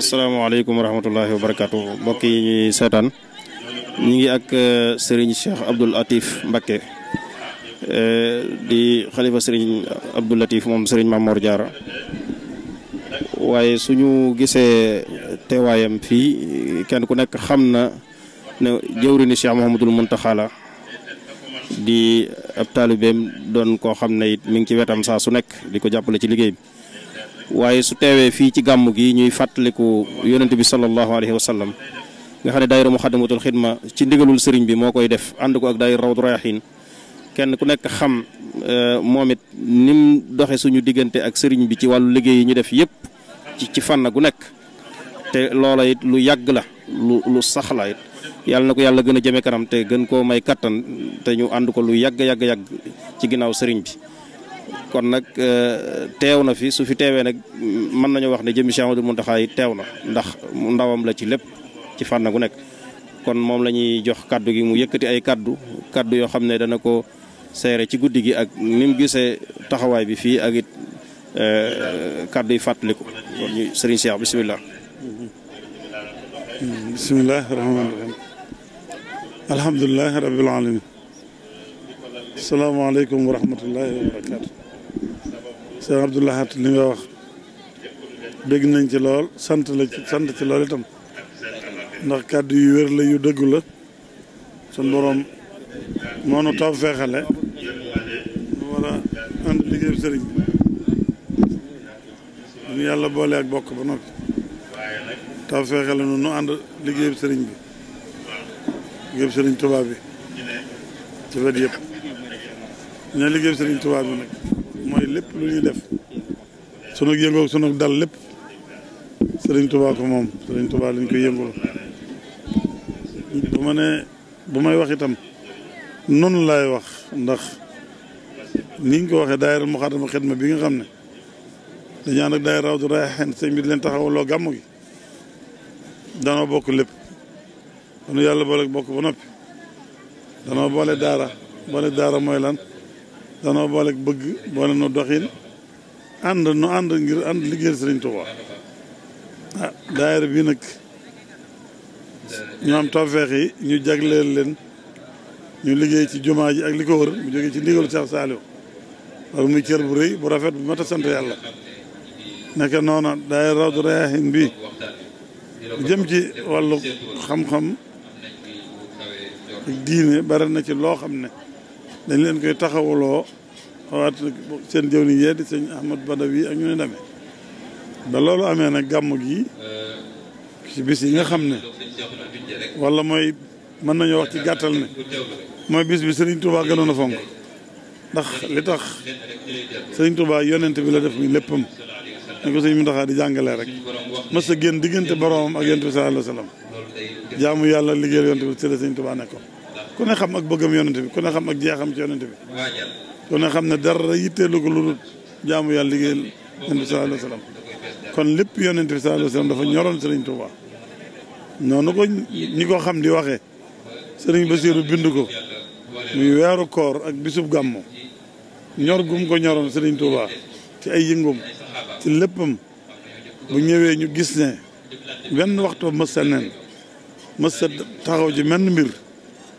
asalaamaaleykum wa rahmatullahi wa barakaatu mbokk yi ñuy seetaan ñu ngi ak euh, Serigne Cheikh Abdoul Latif Mbacké euh, di xalifa sëriñ Abdoul Latif moom Serigne Mame Mor Diarra waaye suñu gisee teewaayam fii kenn ku nekk xam na ne jëwriñu Cheikh Mouhamadul Mountakha la di ab taalibeem doon koo xam ne it mi ngi ci wetam saa su nekk di ko jàppale ci liggéey bi. waaye su teewee fii ci gàmm gi ñuy fàttaliku yonent bi sallallahu alayhi wa nga xam ne daayira muxaddamatul xidma ci ndigalul sëriñ bi moo koy def ànd ko ak daayira rawdu rayaxiin kenn ku nekk xam euh, moom it ni mu doxe suñu diggante ak sëriñ bi ci wàllu liggéey yi ñu def yépp ci ci gu nekk te loola it lu yàgg la lu lu sax yàlla na ko yàlla gën a jëme kanam te gën koo may kattan te ñu ànd ko lu yàgg yàgg yàgg ci ginnaaw sëriñ bi kon nag euh, teew na fi su fi teewee nag mën nañu wax ne jëmmi Cheikh Amadou Mountakha yi teew na ndax ndawam la ci lépp ci fànn gu nekk kon moom la ñuy jox kàddu gi mu yëkkati ay kàddu kàddu yoo xam ne dana ko seere ci guddi gi ak ni mu gisee taxawaay bi fii ak it euh, kaddu yi fàttaliku kon ñu sëriñ Cheikh bisimilah. bisimilah rahmaani rahiim alhamdulilah rabbil alamin salaamaaleykum wa wa barakaatu. sëñ Abdoulahat li nga wax dégg nañ ci lool sant la ci sant ci lool itam ndax kàddu yu wér la yu dëggu la suñ boroom moo nu taw feexale mu war a ànd liggéeyu sëriñ bi ñu yàlla boole bokk ba noppi taw feexale nu nu ànd liggéeyu sëriñ bi liggéeyu sëriñ tubaab bi ci wet yëpp ñu liggéey liggéeyu sëriñ tubaab bi nag mooy lépp lu ñu def sunu yëngoog sunu dal lépp sëriñ Tuubaa ko moom sëriñ Tuubaa lañ koy yëngul bu ma ne bu may wax itam noonu laay wax ndax niñ ko waxee daayira Muxaddamatul Xidma bi nga xam ne dañu ànd ak daayira Rawdu bi leen taxawaloo gàmmu gi danoo bokk lépp danu yàlla boole bokk ba noppi danoo boole daara boole daara mooy lan danoo boole bëgg boole nu doxin ànd nu ànd ngir ànd liggéey sëriñ Tuuba ah daayira bi nag ñu am tawfeex yi ñu jagleel leen ñu liggéey ci jumaa ji ak li ko wër mu jógee ci ndigalu Cheikh Saliou war muy cër bu rëy bu rafet bu mat sant yàlla nekk noona daayira Rawdu Rayaahiin bi jëm ci wàllu xam-xam ak diine bare na ci loo xam ne dañ leen koy taxawuloo xawaat seen jëw ni yee di sëñ Ahmad Badawi ak ñu ne demee ba loolu amee nag gàmm gi ci bis yi nga xam ne wala mooy mën nañoo wax ci gàttal ne mooy bis bi sëriñ Touba gënoon a fonk ndax li tax Serigne Touba yonent bi la def muy léppam ni ko sëñ Muntaxa di jàngalee rek mës a génn diggante boromam ak yonent bi sallallahu alayhi wa sallam jaamu yàlla liggéeyal yonent bi ci la Serigne Touba ku ne xam ak bëggam yonent bi ku xam ak jeexam ci yonent bi ku ne xam ne dara yitteelu ko lu dul jaamu yàlla liggéey yonent bi sallallahu kon lépp yonent bi sallallahu dafa ñoroon Serigne Touba noonu ko ñi ko xam di waxee Serigne Bassirou bind ko muy weeru koor ak bisub gàmmu ñor gum ko ñoroon Serigne ci ay yëngum ci léppam bu ñëwee ñu gis ne benn waxtu mës sa nen mës sa taxaw ci menn mbir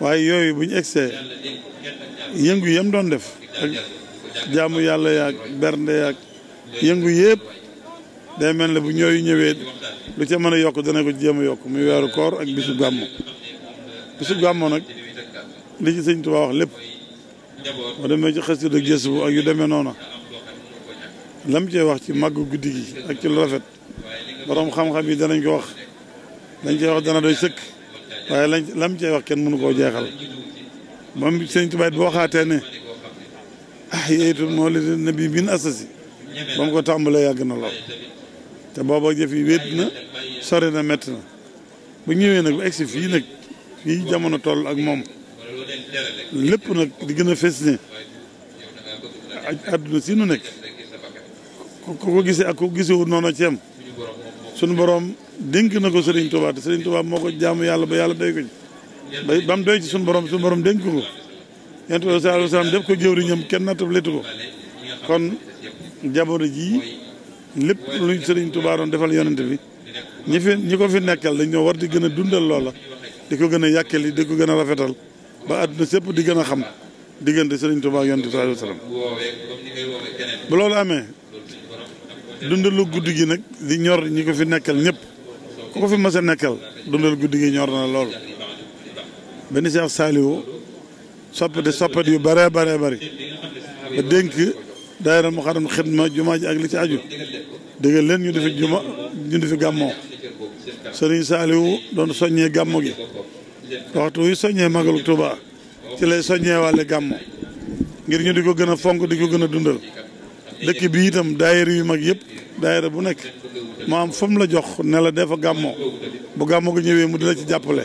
waaye yooyu bu ñu egsee yëngu yam doon def ak jaamu yàlla yaag bernde yaag yëngu yëpp day mel ne bu ñooyu ñëwee lu ca mën a yokk dana ko jéem a yokk muy weeru koor ak bisu gàmmu bisu gàmmu nag li ci sëñ Tuubaa wax lépp boo demee ci xëstu ak gëstu bu ak yu demee noona lam cee wax ci màgg guddi gi ak ci lu rafet borom xam-xam yi danañ ko wax dañ cee wax dana doy sëkk waaye lañ lam cay wax kenn mënu koo jeexal moom sëñ Tuubaa bi waxaatee ne ah yeeytul mawlidi nabi bin asasi ba ko tàmbalee yàgg na lool te booba jëf yi wéet na sori na métti na bu ñëwee nag ba egsi fii nag fii jamono toll ak moom lépp nag di gën a fes ne àdduna si nu nekk ku ko gisee ak ku gisewul noonu ci am sunu borom dénk na ko Serigne Touba te Serigne Touba moo ko jaamu yàlla ba yàlla doy ko ci ba ba mu doy ci sunu borom sunu borom dénk ko yonent sa sallallahu alayhi wa sallam def ko jëwriñam kenn nattaletu kon jamono ji lépp luñ Serigne Touba doon defal yonent bi ñi fi ñi ko fi nekkal dañoo war di gën a dundal loola di ko gën a yàkkali di ko gën a rafetal ba àdduna sépp di gën a xam diggante Serigne Touba ak sa bi bu loolu amee dundalu guddi gi nag di ñor ñi ko fi nekkal ñëpp ku ko fi mës a nekkal dundal guddi gi ñor na lool. benn si Saliou soppite soppite yu bëree bëree bari ba dénk daayira Muxaddam Xidma jumaa ji ak li ci aju déggal leen ñu di fi juma ñu di fi gàmmoo Serigne Saliou doon soññee gàmmo gi waxtu wi soññee Magalu Touba ci lay soññee wàlle gàmmo ngir ñu di ko gën a fonk di ko gën a dundal. dëkk bi itam daayira yu mag yëpp daayira bu nekk maam am mu la jox ne la defa gàmmoo bu gàmmoo ko ñëwee mu di la ci jàppale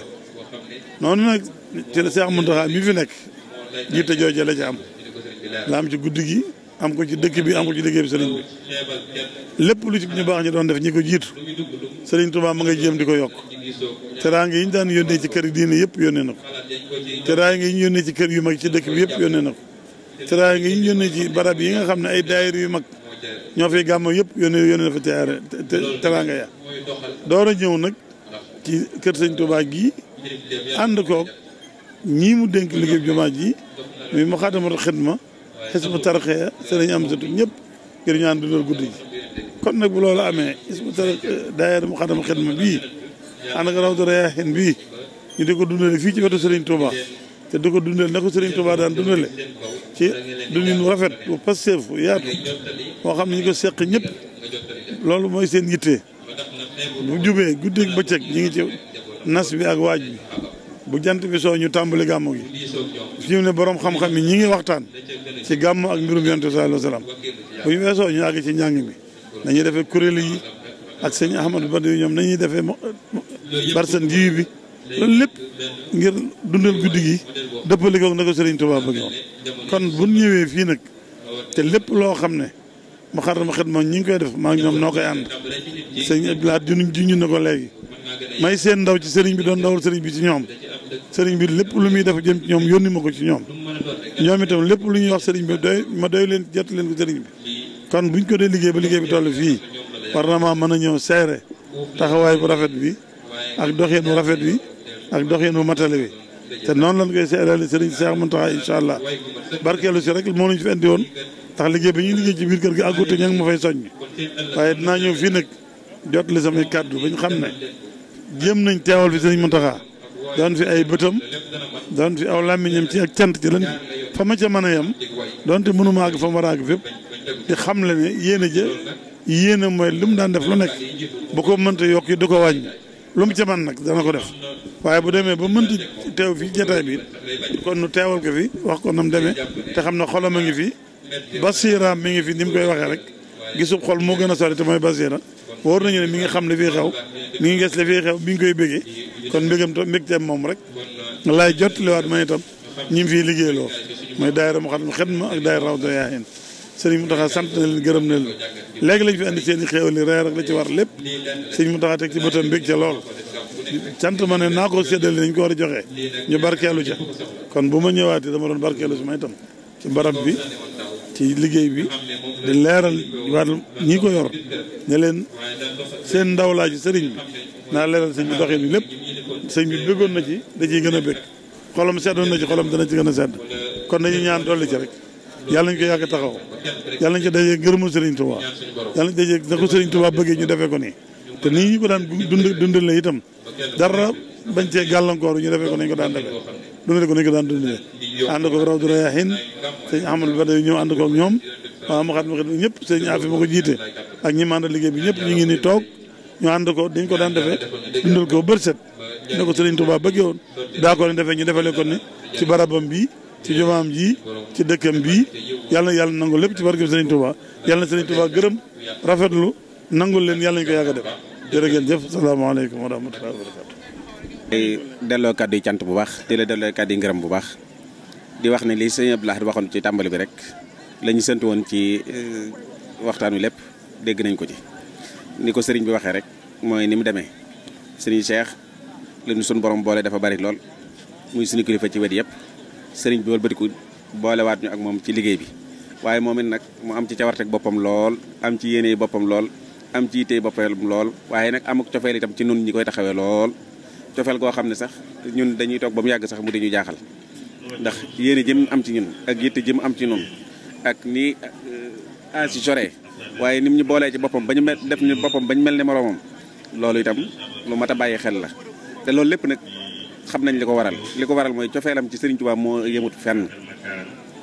noonu nag ci la Seex Muntaxa mi fi nekk jiite jooje la ci am la am ci guddi gi am ko ci dëkk bi am ko ci liggéey bi sëriñ bi lépp lu ci ñu baax ñu doon def ñi ko jiitu sëriñ Tuubaa ma nga jéem di ko yokk teraanga yi ñu daan yónnee ci kër yi diine yëpp yónnee na ko teraanga yi ñu yónnee ci kër yi mag ci dëkk bi yëpp yónnee na teraanga yi ñu yónnee ci barab yi nga xam ne ay daayir yu mag ñoo fiy gàmmo yëpp yónnee yónnee dafa teraanga ya door a ñëw nag ci kër sëñ Touba gii ànd koog ñii mu denk liggéey jumaa ji muy Moukhaddamatoul Khidma Hizbut Tarqiyyah sëriñ am satu ñëpp ngir ñu ànd dundal guddi ji kon nag bu loolu amee Hizbut Tarqiyyah daayira Moukhaddamatoul Khidma bii ànd ak Rawdu Rayaahiin bii ñu di ko dundale fii ci wetu sëriñ Touba te di ko dundal na ko Serigne Touba daan dundale ci dundin rafet bu pasteef bu yaatu moo xam ne ñu ko seq ñëpp loolu mooy seen yitte bu jubee ba bëccëg ñu ngi ci nas bi ak waaj bi bu jant bi soo ñu tàmbali gàmmu gi fi mu ne borom xam-xam yi ñi ngi waxtaan ci gàmmu ak mbirum yonent bi sallallahu alayhi bu ñu weesoo ñu àgg ci njàng bi nañuy defee kuréel yi ak sëñ Ahmadou Badou ñoom nañuy defee barsan jiw bi loolu lépp ngir dundal guddi gi dëppale ko na ko Serigne Touba bëgg kon bu ñëwee fii nag te lépp loo xam ne ma xar ma xet ma ñi ngi koy def maa ngi noo koy ànd sëñ Abdoulaye junuñ juñu na ko léegi may seen ndaw ci sëriñ bi doon ndawul sëriñ bi ci ñoom sëriñ bi lépp lu muy def jëm ci ñoom yónni ma ko ci ñoom ñoom itam lépp lu ñuy wax sëriñ bi doy ma doy leen jot leen ko sëriñ bi kon buñ ko dee liggéey ba liggéey bi toll fii war na maa mën a ñëw seere taxawaay bu rafet bi ak doxin doxeenu rafet wi ak doxin wu matale wi te noonu lañ koy seeral Serigne Cheikh Mountakha incha allah barkeelu si rek moo ñu fi indi woon ndax liggéey bi ñu liggéey ci biir kër gi àggute ña ngi ma fay soññ waaye dinaa ñëw fii nag jot li samay kàddu ba ñu xam ne jëm nañ teewal fi Serigne Mountakha doon fi ay bëtam doon fi aw làmmiñam ci ak cant ci lan fa ma ca mën a yem doonte mënu àgg fa mu war a di xam le ne yéen a yéen a mooy lu mu daan def lu nekk bu ko mënta du ko wàññi lu mu ci nag dana ko def waaye bu demee ba mënti teew fii jataay bi kon nu teewal ko fi wax ko nam demee te xam ne xolam a ngi fi basiiraam mi ngi fi ni mu koy waxee rek gisub xol moo gën a sori te mooy basiira wóor nañu ne mi ngi xam li fii xew mi ngi gis li fii xew mi koy bégee kon mbégam tam mbégteem moom rek laay jot liwaat ma itam ñi mu fiy liggéeyloo mooy daayira mu xam xet ma ak daayira Rawdu Rayaahiin sëriñ mu Mountakha sant na leen gërëm na leen léegi lañ fi andi seen i xéewal reer la ci war lépp sëriñ Mountakha teg ci bëtam bég ca lool sant ma ne naa ko séddale nañ ko war a joxe ñu barkeelu ca kon bu ma ñëwaatee dama doon barkeelu su may tam ci barab bi ci liggéey bi di leeral waat ñi ko yor ne leen seen ndaw laa ci sëriñ bi naa leeral sëñ bi doxin bi lépp sëñ bi béggoon na ci da ciy gën a bég xolam seddoon na ci xolam ci gën a sedd kon dañu ñaan dolli ci rek yàlla nañ ko yàgg taxaw yàlla nañ ko dajee ngërëmul Serigne Touba yàlla nañ dajee na ko Serigne Touba bëggee ñu defee ko nii te ñu ko daan dund dundalee itam dara bañ cee gàllankoor ñu defee ko nañ ko daan defee dundale ko nañ ko daan dundalee ànd ko raw du rayaxin sëñ Ahmadou Bada ñëw ànd ko ak ñoom waaw ma xat ma ñëpp sëñ Afi ma ko jiite ak ñi ànd liggéey bi ñëpp ñu ngi ni toog ñu ànd ko dañ ko daan defee dundal ko bërset ne ko Serigne Touba bëggee woon daa ko ne defee ñu defalee ko ni ci barabam bi ci jumaam ji ci dëkkam bii yàlla na yàlla nangu lépp ci barke Serigne Touba yàlla na Serigne Touba gërëm rafetlu nangu leen yàlla nañu ko yàgg a def jërë ngeen jëf salaamaaleykum wa rahmatullahi wa barakatu ay delloo kàddu cant bu baax di la delloo kàddu yi ngërëm bu baax di wax ne lii sëñ Abdou Lahad waxoon ci tàmbali bi rek lañu ñu woon ci eh, waxtaan wi lépp dégg nañ ko ci ni ko sëriñ bi waxee rek mooy ni mu demee sëriñ Cheikh la ñu sun borom boolee dafa bari lool muy suñu kilifa ci wet yëpp sëriñ bi wëlbatiku boolewaat ak moom ci liggéey bi waaye moom it nag mu am ci cawarteg boppam lool am ci yéene boppam lool am ci yitte boppam lool waaye nag amuk cofeel itam ci nun ñi koy taxawee lool cofeel goo xam ne sax ñun dañuy toog ba mu yàgg sax mu dañu jaaxal ndax yéene jëm am ci ñun ak yitte jëm am ci ñun ak ni ansi euh, joree waaye nim ñu boolee ci boppam ba ñu def ñu boppam ba ñu mel ni moroomam loolu itam lu mat a bàyyi xel la te loolu lépp nag xam nañ li ko waral li ko waral mooy cofeelam ci Serigne Touba moo yëmut fen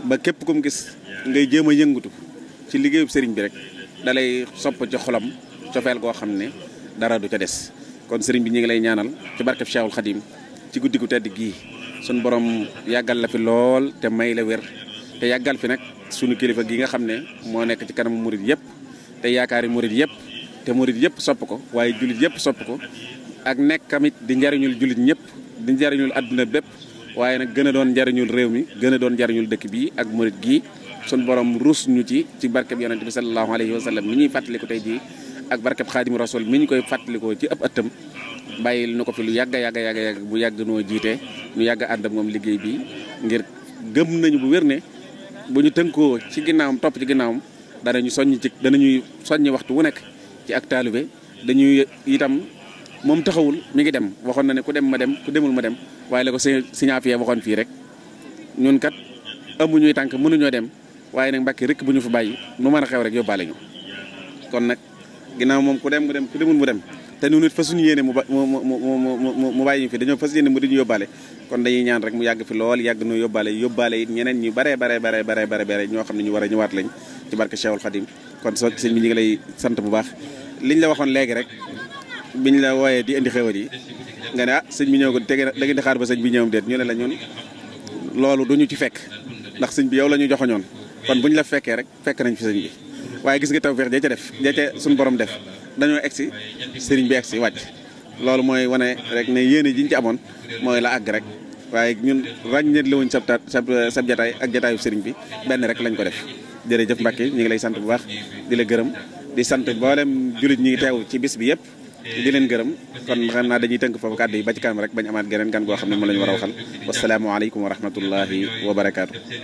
ba képp kum gis ngay jéem a yëngatu ci liggéeyub Serigne bi rek dalay sopp ci xolam cofeel goo xam ne dara du ca des kon Serigne bi ñu ngi lay ñaanal ci barkeb Cheikhul Khadim ci guddi gu tedd gii suñ borom yàggal la fi lool te may la wér te yàggal fi nag sunu kilifa gi nga xam ne moo nekk ci kanamu murit yëpp te yaakaar yaakaari murit yëpp te murit yëpp sopp ko waaye jullit yëpp sopp ko ak nekk tamit di njariñul jullit ñëpp di njariñul àdduna bépp waaye nag gën a doon njariñul réew mi gën a doon njariñul dëkk bi ak murit gii sun borom ruus ñu ci ci barkeb yonente bi sallallahu alayhi wa sallam mi ñuy fàttaliku tey jii ak barkeb xaadimu rasul mi ñu koy fàttalikoo ci ëpp ëttam bàyyil nu ko fi lu yàgg yàgg yàgg yàgg bu yàgg noo jiite ñu yàgg ànd moom liggéey bi ngir gëm nañu bu wér ne bu ñu tënkoo ci ginnaawam topp ci ginnaawam danañu soññ dana ñuy soññ waxtu wu nekk ci ak taalibe dañuy itam moom taxawul mi ngi dem waxoon na ne ku dem ma dem ku demul ma dem waaye la ko signifié waxoon fii rek ñun kat amuñuy tànk mënuñoo dem waaye nag mbakki rek bu ñu fa bàyyi nu mën a xew rek yóbbaale ñu kon nag ginnaaw moom ku dem mu dem ku demul mu dem te ñun it fasuñu yéene mu ba mu mu mu bàyyi fi dañoo fas yéene mu di ñu yóbbaale kon dañuy ñaan rek mu yàgg fi lool yàgg nu yóbbaale yóbbaale it ñeneen ñu baree bare bare bare ñoo xam ne ñu war a ñëwaat lañ ci barke Cheikhul Khadim kon soo sëñ bi ñu ngi lay sant bu baax liñ la waxoon léegi rek biñ la wooyee di indi xéwal yi nga ne ah sëñ bi ñëw ko tege da ngeen xaar ba sëñ bi ñëwam déet ñu ne la ñun loolu duñu ci fekk ndax sëñ bi yow la ñu joxoñoon kon bu buñ la fekkee rek fekk nañ fi sëñ bi waaye gis nga tawfeex ja ca def ja ca borom def dañoo egsi sëriñ bi egsi wàcc loolu mooy wane rek ne yéene jiñ ci amoon mooy la àgg rek waaye ñun ràññeet la wuñ sab sab sab jataay ak jataayu sëriñ bi benn rek lañ ko def jërëjëf Mbacke ñu ngi lay sant bu baax di la gërëm di sant mboolem jullit ñi ngi teew ci bis bi yëpp di leen gërëm kon xam naa dañuy tënk foofu kàddu yi ba ci kanam rek bañ amaat geneen gan goo xam ne moom la ñu a waxal wasalaamualeykum wa rahmatullahi wa